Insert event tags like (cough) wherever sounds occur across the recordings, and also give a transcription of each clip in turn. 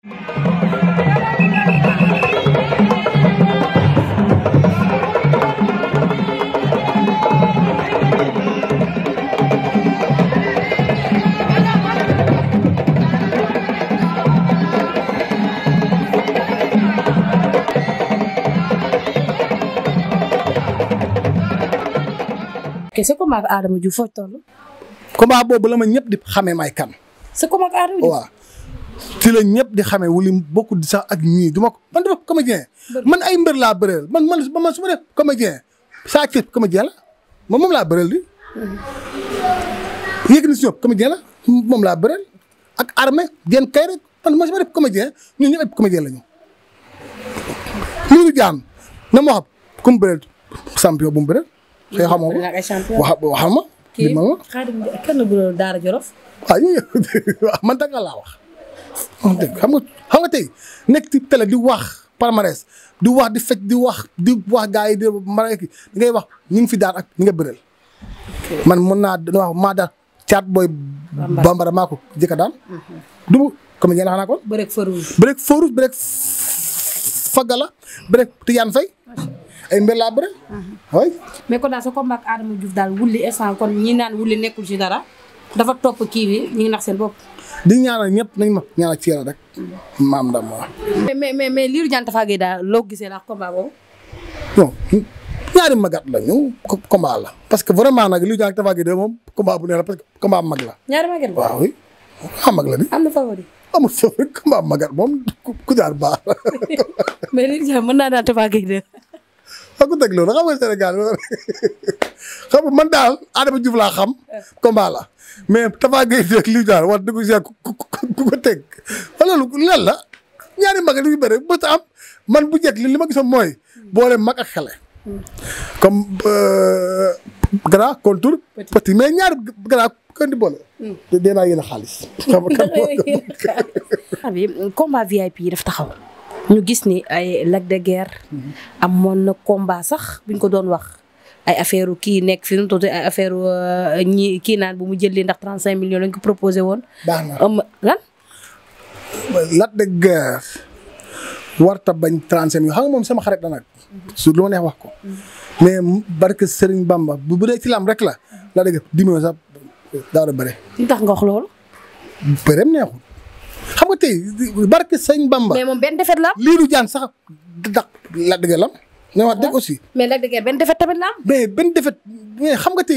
ok sa combat ak Adama Diouf foo toll. combat boobu la ma ñëpp di xamee may kan. sa combat Adama Diouf waaw. ci la ñëpp di xamee wuli bokku di sax ak ñii du ma ko man dama man ay mbër laa bëreel man man man su ma def saa ci comédien la moom moom laa laa bëreel ak armée geen kay rek man man ñëpp ay comédien la ñu liiru jaan na ma comme bëreel champion bu mu bëreel xëy xamoo ko wax (laughs) (laughs) man danga laa wax wax dëgg xam nga xam nga tey nekk ci télé di wax palmarès di wax di fecc di wax di wax gars yi di mara ngay wax ñu ngi fi daan ak ñi nga bëreel man mën naa wax maa daan caat booy bambara maa ko jëkka daan du comme ñeen xanaa kon bërek farouge bërek farouge bërek fagala bërek tijaan ay mbir laa bëre uh-huh. mais kon daal sa combat ak Adama Diouf daal wulli instant kon ñi naan wulli nekkul ci dara dafa topp kii bi ñu ngi nax seen bopp di ñaana ñëpp nañ ma ñaanal ci yàlla rek maam ndam ma. mais mais mais Lirou Diane Tapha loo gisee la combat boobu. non ñaari magat la ñu combat la parce que vraiment nag Lirou Diane Tapha Gueye de moom combat bu ne la parce que combat mag la. ñaari mag la am na favori. amul favori combat magat moom ku jaar baax. (laughs) mais Lirou Diane mën naa daal a Gueye de. waaw xam nga Sénégal (laughs) xam nga man daal Adama Diouf xam. combat la mais Tapha Gueye fekk lii daal wax dëgg yàlla ku ku teg. wala la ñaari mag yu bëre ba am man bu njëkk li ma gisoon mooy boole mag ak xale. comme euh, grand contour petit mais ñaari grand kenn di boole. Hmm. te dee naa yéen xaalis. xam nga kan (laughs) combat daf taxaw. ñu gis ni ay Lac de Guiers. Hmm. amoon na combat sax buñ ko doon wax. ay affaire kii nekk fi mu tudd ay affaire euh, ñi kii naan bu mu jëlee ndax 35 millions lañ ko proposé woon. baax na lan. Lac de Guiers warta bañ 35 millions xam nga moom sama xarit la nag. su lu neex wax ko. mais barke Serigne Bamba bu bu dee ci lam rek la. Lac de Guiers diminué sax daaw bëre. li tax nga wax loolu. bëreem nga tey barke Serigne Bamba. mais moom benn defet la. lii du jaan sax daq lam ne waat dëgg aussi. mais Lac de Guiers benn defet tamit la am. mais benn defet mais xam nga te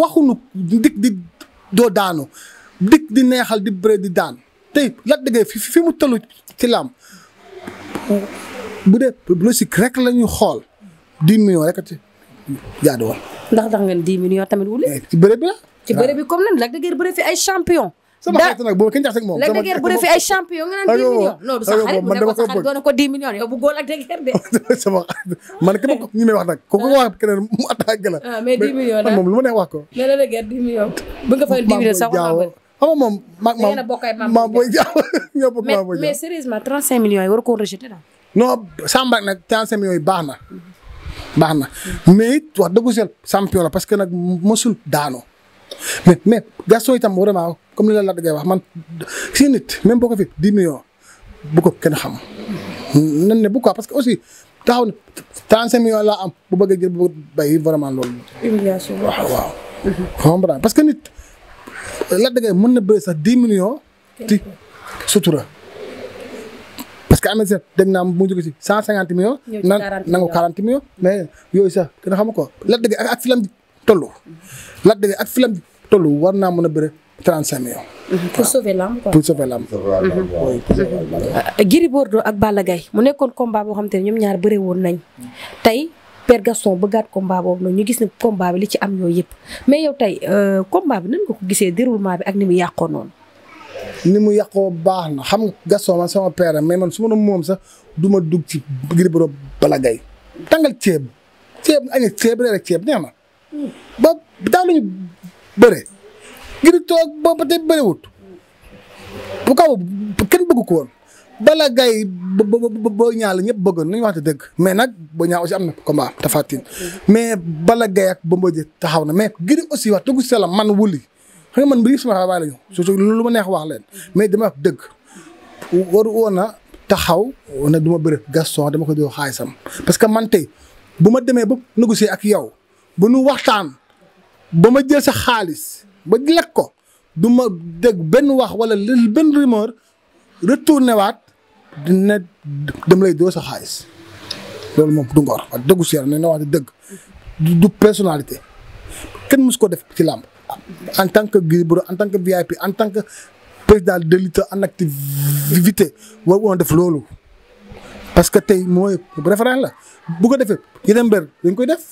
waxuñu dik di doo daanu dik di neexal di bëre di daan te Lac de Guiers fi fi mu tollu ci laam bu dee logique rek la ñu xool di dix millions rek ci jaaduwal. ndax ndax ngeen dix millions tamit wuli. Eh, ci bëre bi la. ci bëre ah. bi comme lan Lac de Guiers bëre fi ay champion. sama xarit nag boobu kenn jaxase ak moom. sama dëgg bu ne fi ay champion nga naan 10 millions. non du sa xarit bu ne ko sa xarit doon na ko 10 millions yow bu góol ak Lac de Guiers de. (laughs) sama man képp ku ñu may wax nag. ko ko ah. wax keneen mu attaque la. ah mais 10 millions nag moom lu ma neex wax ko. mais Lac de Guiers 10 millions. bu nga fayal 10 millions sax wax nga xam moom maag maam maam booy jaaw (laughs) ñoo bokk maam booy jaaw mais sérieusement 35 millions yi war koo rejeté daal. non Samba nag 35 millions yi baax na. baax na mais it wax dëgg yàlla champion la parce que nag mosul daanoo mais mais Gaston itam vraiment a ni la man si nit même boo ko fi dix millions bu ko kenn xam. nan ne bu quoi que aussi taxaw na trente laa bu bëgg a jël bu waaw parce que nit la dajee mën na bëri sax dix millions. ti sutura. parce que am na sax dégg naa mu jóge si cent cinquante millions. ñëw na nangu quarante millions mais yooyu sax kenn xamu ko la dajee ak ak toll. Lac de Guiers ak fi lam toll war naa mën a bëre 35 millions. pour sauver lamb quoi pour sauver lamb. Euh, euh, Gris Bordeaux ak Balla mu nekkoon combat boo xam te ne ñoom ñaar bëre woon nañ tey. Père Gaston bëggaat combat boobu noonu ñu gis ne combat li ci am yooyu yëpp mais yow tey euh, combat bi nan nga ko gisee déroulement bi ak ni mu yàqoo noonu. ni mu yàqoo baax na xam nga Gaston man sama père mais man su ma doon moom sax du ma dugg ci Gris Bordeaux Balla ceeb ceeb neex na. ba daanuñu bëre ngir toog ba ba tey bëriwut bu kaw kenn bëgg ko woon bala gay ba ba ba ñaar ñëpp bëggoon nañu waxte dëgg mais nag ba ñaar aussi am na combat tafatin mais bala gay ak Bombardier taxaw na mais ngir aussi wax dëgg selam man wuli xam man mbir suma xabaar lañu surtout lu ma neex wax leen mais dama wax dëgg waru woon a taxaw na duma ma bëri Gaston dama ko jox xaalisam parce que man tey bu ma demee ba négocier ak yow. bu nu waxtaan ba ma jël sa xaalis ba lekk ko du ma dégg benn wax wala benn rumeur retourné waat dina dem lay doo sa xaalis loolu moom du ngor wax dëggu seer ne na wax dëgg du personnalité kenn mësu ko def ci làmb en tant que Gris en tant que VIP en tant que président de lutte en activité war woon def loolu parce que tey mooy référence la bu ko defee yeneen mbër dañ koy def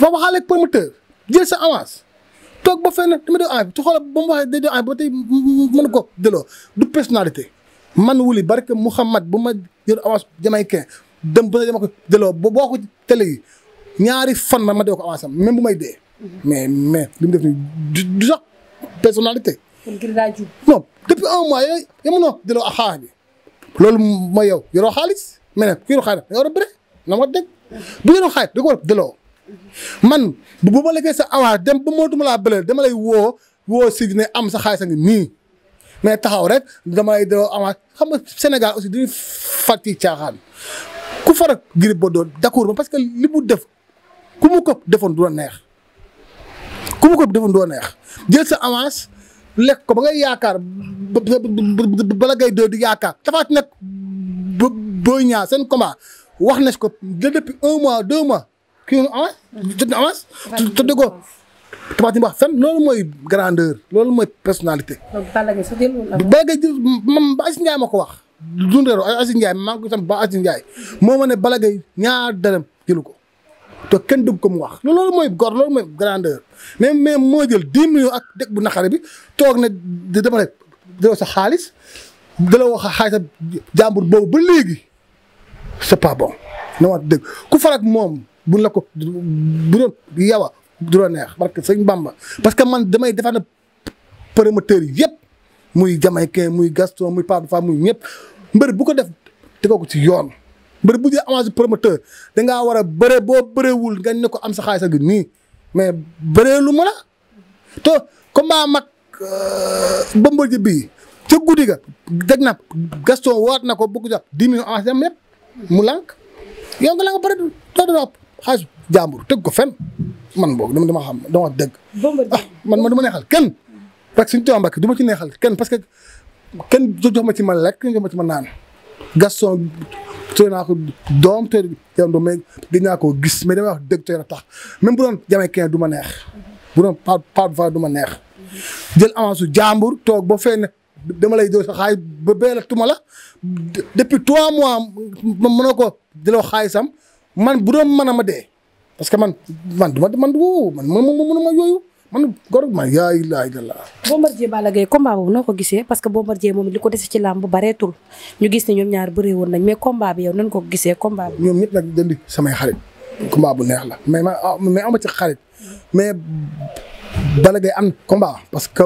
fa waxaale ak promoteur jël sa avance toog ba fenn dama doon envie ci xoolal ba mu waxee day doon ba ko delloo du personnalité man wuli barke Mouhamad bu ma yor avance jamaïcain dem ba dama ko delloo ba boo ko télé yi ñaari fan ma ma dee ko avance am bu may dee. mais mais li mu def nii du du sax personnalité. non depuis un mooy yow yoroo xaalis mais nag ku xaalis da nga war na ma dégg bu yoroo xaalis delloo. man bu ma lefee sa avance dem ba mootuma laa dama lay woo woo si ne am sa xaalis a ngi nii mais taxaw rek dama lay doo avance xam nga Sénégal aussi dañuy fàtti caaxaan ku farak Gris Bordeaux d'accord ma parce que li mu def ku mu ko defoon du la neex ku mu ko defoon du la neex jël sa avance lekk ko ba ngay yaakaar bala ngay doo di yaakaar tafaat nag booy ñaar seen combat wax na ko depuis un mois deux mois kii nga avance jot na avance. te wax fen loolu mooy grandeur loolu mooy personnalité. donc Balla Gaye sa man ba Aziz Ndiaye ko wax. dundeero ay Aziz Ndiaye ko sam ba Aziz Ndiaye moo ma ne Balla ñaar dërëm jëlu ko te kenn dëgg ko mu wax loolu mooy gor loolu mooy grandeur mais mais moo jël dix ak dëkk bu naqare bi toog ne di dama rek delloo sa xaalis delloo wax xaalis jàmbur boobu ba léegi c'est pas bon na wax dëgg ku farak moom. bu la ko bu doon yawa du la neex sëñ Bamba parce que man damay defar na promoteur yëpp muy Jamaïcain muy Gaston muy Pape Fa mu ñëpp mbër bu ko def tegoo ko ci yoon mbër bu dee avance promoteur dangaa war a bëre boo bërewul nga ne ko am sa xaalis a gi nii mais bëree lu ma la to combat mag Bombardier bii ca guddi ga dégg na Gaston waat na ko bëgg jox dix millions avance yam yëpp mu lànk yow nga la nga bëre doo doo xaalis jàmbur tëgg ko fen man boobu dama dama xam dama dëgg. ah man ma dama neexal kenn. parce que suñu ci neexal kenn parce que kenn jox ma ci ma lekk kenn ma ci naan. Gaston tooy naa ko doom tooy yow doom mais gis naa koo gis mais damay tax même bu doon jamee du ma neex. bu doon pas ma neex. jël avance su jàmbur toog ba fenn dama lay doon sa xaalis ba bee la tuma la depuis trois mois ma mënoo ko jëloo xaalisam. man bu doon mën ma dee parce que man man du ma man woo man man mënuma yooyu man góor ma yaa ilaaha illallaah. Bombardier Balla Gaye combat boobu noo ko gisee parce que Bombardier moom li ko dese ci làmb bareetul ñu gis ne ñoom ñaar bëree woon nañ mais combat bi yow nan ko gisee combat bi. ñoom ñëpp nag dindi samay xarit. combat bu neex la mais ma ah, mais ama ci mais Balla Gaye am na parce que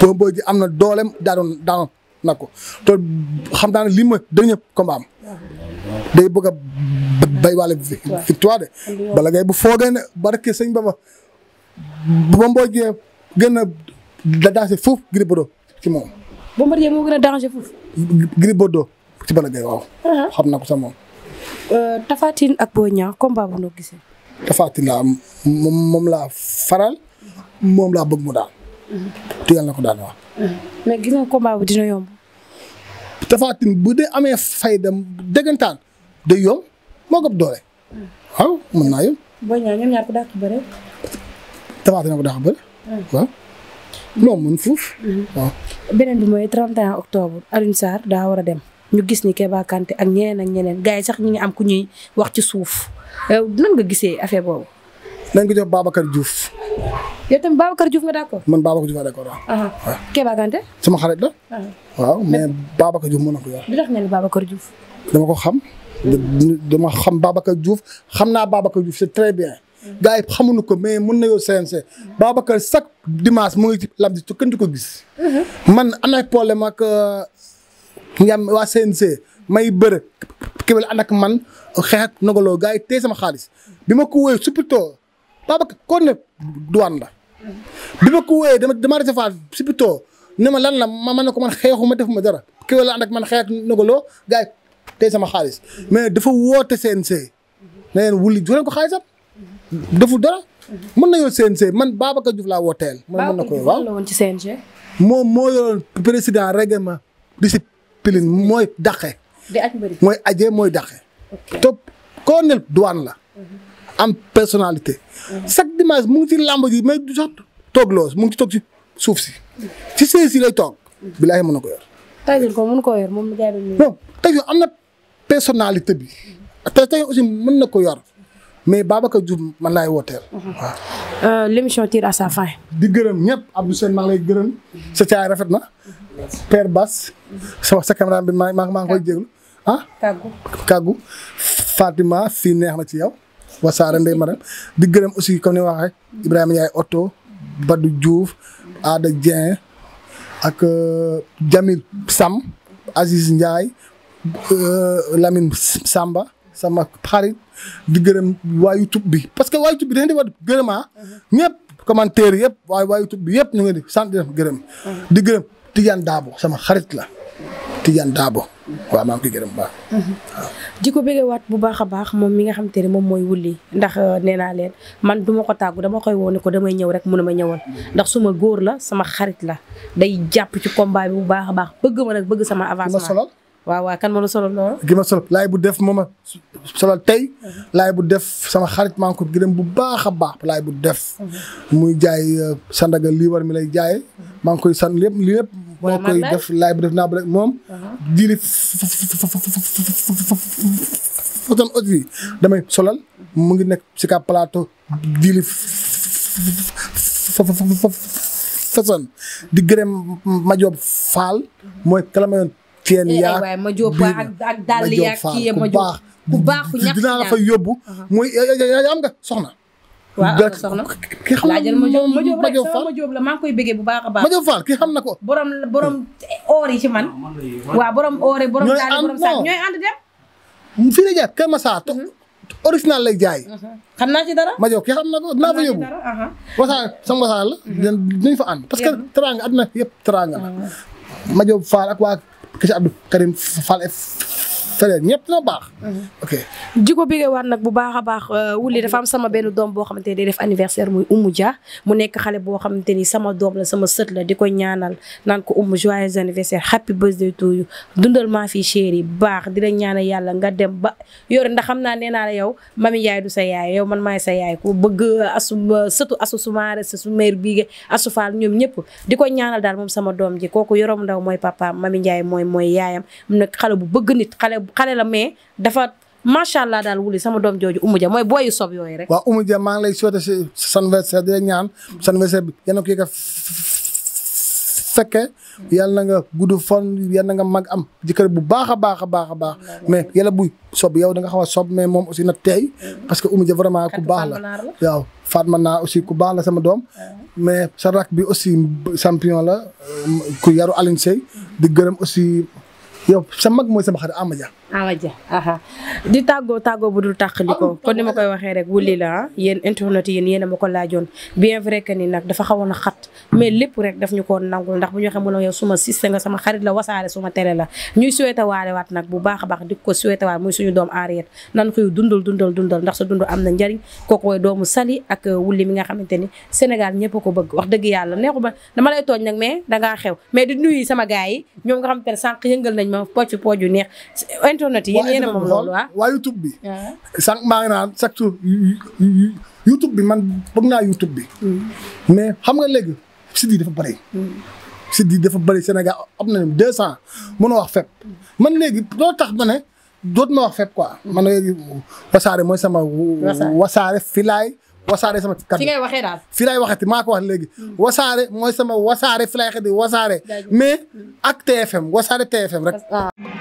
Bombardier am na dooleem daanoon daanoon na ko te xam naa ne li ma dernier combat am. day bëgg a bay waale victoire de bala ngay bu foogee ne barke sëñ ba ma ba mboojee gën a da dansé foofu Gris Bordeaux ci moom. Bombardier moo gën a danger foofu. Gris Bordeaux ci Balla Gaye waaw. Uh-huh. xam na ko sax moom. Euh, Tapha ak Boy Niang combat bu noo gisee. Tapha laa moom laa faral moom laa bëgg mu daal. Uh-huh. te yàlla na ko daan waaw. Uh-huh. mais gis nga combat bu dina yomb. Tapha bu dee amee fayda dëggantaan day yomb moo gëpp doole. waaw mën naa yomb. booy ñaar ñoom ñaar ko dàq bëre. Tapha Tine ko dàq bëre. Ah. waaw moom mën fuuf. Mm-hmm. waaw beneen bi mooy 31 octobre Alioune daa war a dem ñu gis ni ke Kanté ak ñeneen ak ñeneen gars yi sax ñu ngi am ku ñuy wax ci suuf euh, nan nga gisee affaire boobu. nañ ko jox Babacar Diouf. yow tamit Babacar Diouf nga d'accord. man Babacar Diouf sama xarit la. waaw mais Babacar Diouf mën dama ko xam. dama xam Babacar Diouf xam naa Babacar Diouf c'est très bien. Hmm. gars yi xamuñu ko mais mën na yow CNC. Babacar chaque dimanche mu ngi ci lam di ci kenn du ko gis. Hmm. man am na problème ak ñam euh, yi téye sama xaalis bi ma ko wéyee surtout. Babacar kon ne douane la bi ma ko wooyee dama dama si surtout ne ma lan la ma mën na ko man xeexu ma def ma dara ki la ànd ak man xeex nagaloo gars yi tey sama xaalis mais dafa woote CNC na leen wuli ko xaalisam deful dara mën na yor CNC man Babacar Diouf laa wooteel. mën na ko waaw la woon ci CNG. moom moo yoroon président règlement discipline mooy daqe. di aj mbëri mooy aje mooy daqe. ok te colonel douane la. Mhm. am personnalité. Mhm. chaque dimage mu si ci làmb ji mais du sax toog loos mu ngi ci toog suuf si. ci sées lay toog. bilaahi mun na ko yor. Tyson ko mën koo yor am na personnalité bi. te Tyson aussi mën na ko yor. mais Babacar Diouf man laay wooteel. Mhm. waaw. Euh, l'émission tire sa fin. di gërëm ñëpp Abdou Sène maa lay gërën mhm. sa caay rafet na. per Bass. sa wax sa ma maa ngi koy jéglu ah. Kàggu Kàggu Fatima fii neex na ci yow. wasaare ndey maram di gërëm aussi comme ni ma waxee Ibrahima Ndiaye oto Badou Diouf Ada Dieng ak euh, Jamil Sam Aziz Ndiaye euh, Lamine Samba sama xarit di gërëm waa YouTube bi parce que waa YouTube bi dañu di wax gërëmaa ah. ñëpp commentaire yëpp waaye waa YouTube bi yëpp ñu ngi di sant di gërëm uh-huh. di gërëm Tidiane Dabo sama xarit la Tidiane Dabo waaw maa ngi koy gërëm bu baax. Mhm. ko bëggee waat bu baax a baax moom mi nga xam te ne moom mooy wulli ndax euh, nee naa leen man du ma ko tàggu dama koy woo ne ko damay ñëw rek mu ne ma ñëwal ndax suma góor la sama xarit la day jàpp ci combat bu baax a baax bëgg ma nag bëgg sama avancement. waaw waaw kan ma la solo noonu. gi ma solo laay bu def mooma solal mhm. bu def sama xarit maa ngi bu baax a baax laay bu def. Mhm. muy jaay euh, sandaga lii war mi lay jaayee. maa ngi koy san lépp lépp. moo koy def laay bi def naa ba moom. diine foton ot bi damay solal mu ngi nekk si ka plateau diine façon di gërëm Majoob Faal mooy kala ma yoon teen eh, eh, yaa ak dàll yaa kii bu baax bu baax dinaa la uh-huh. yaa nga soxna waaw am na soxna ki xam laajal ma jóob la maa ngi koy bu baax a baax. ma jóob faal xam na ko. borom borom oor yi ci man. Ah, waaw borom oor yi borom daal borom sax ñooy ànd dem. fii la jaar Kër Masar. Mhm. original lay jaay. Mhm. xam naa ci dara. ma jóob xam na ko dinaa fa yóbbu. wasaare sama wasaare la. Mhm. dinañ fa ànd parce que teraanga àddina yëpp teraanga la. ma jóob faal ak waa kese Abdou Karim Faal feneen ñëpp dina baax. Mhm. ok jiko bi nga waat nag bu baax a baax euh, wuli dafa am sama benn doom boo xamante ne day def anniversaire muy Oumou Dia mu nekk xale boo xamante ni sama doom la sama sët di ko ñaanal naan ko Oumou joyeux anniversaire happy birthday to you dundal maa fi chéri baax di la ñaanal yàlla nga dem ba yore ndax xam naa nee naa la yow mami yaay du sa yaay yow man maay sa yaay ku bëgg asu sëtu asu sumaare sa su mère bii asu faal ñoom ñëpp di ko ñaanal daal moom sama doom ji kooku yorom ndaw mooy papaam mami mooy mooy yaayam nekk xale bu bëgg nit xale xale la mais dafa macha allah daal wuli sama doom jooju Oumou Dia mooy booyu sob yooyu rek. waaw Oumou Dia maa ngi lay souhaiter si sa anniversaire di ñaan sa anniversaire bi yéen a ko yëg fekke na nga gudd fan yàlla na nga mag am jëkkër bu baax a baax a baax a baax mais yàlla buy sob yow da nga xaw a sob mais moom aussi na teey parce que Oumou Dia vraiment ku baax la waaw Fatma naa aussi ku baax la sama doom mais sa rak bi aussi champion la ku yaru Alioune Seye di gërëm aussi yow sa mag mooy sama xarit Ama Dia Awa Dia di tàggoo tàggoo bu dul tàqaliko kon ni ma koy waxee rek wuli la ah. yéen internet yéen yéen ma ko laajoon bien vrai que ni nag dafa xawoon a xat mais lépp rek daf ñu ko nangul ndax bu ñu waxee mu ne yow suma nga la wasaare suma télé la ñuy souhaité waale waat nag bu ko souhaité waat muy suñu doom Henriette nan koy dundal dundal dundal ndax sa am na njariñ kooku mooy doomu Sali ak euh, wuli mi nga xamante ni Sénégal ñëpp wax dëgg yàlla neexu ba dama lay tooñ nag mais xew mais di nuyu sama gars yi ñoom nga xamante ne sànq yëngal nañ ma pocc pocc yu neex internet yi yéen a moom loolu waa ah. waa YouTube bi. Ah. sànq maa ngi naan chaque jour YouTube bi man bëgg naa YouTube bi. Hmm. mais xam nga léegi site yi dafa bëri. Hmm. site yi dafa bëri Sénégal am nañu deux cent mën a wax fépp. man léegi loolu tax ma ne doot ma wax fépp quoi man léegi wasaare mooy sama. wasaare filaay. wasaare sama kàddu fi ngay waxee daal fi lay waxati maa ko wax léegi. Hmm. wasaare mooy sama wasaare fi lay waxee wasaare. mais ak TFM wasaare TFM rek. Ah.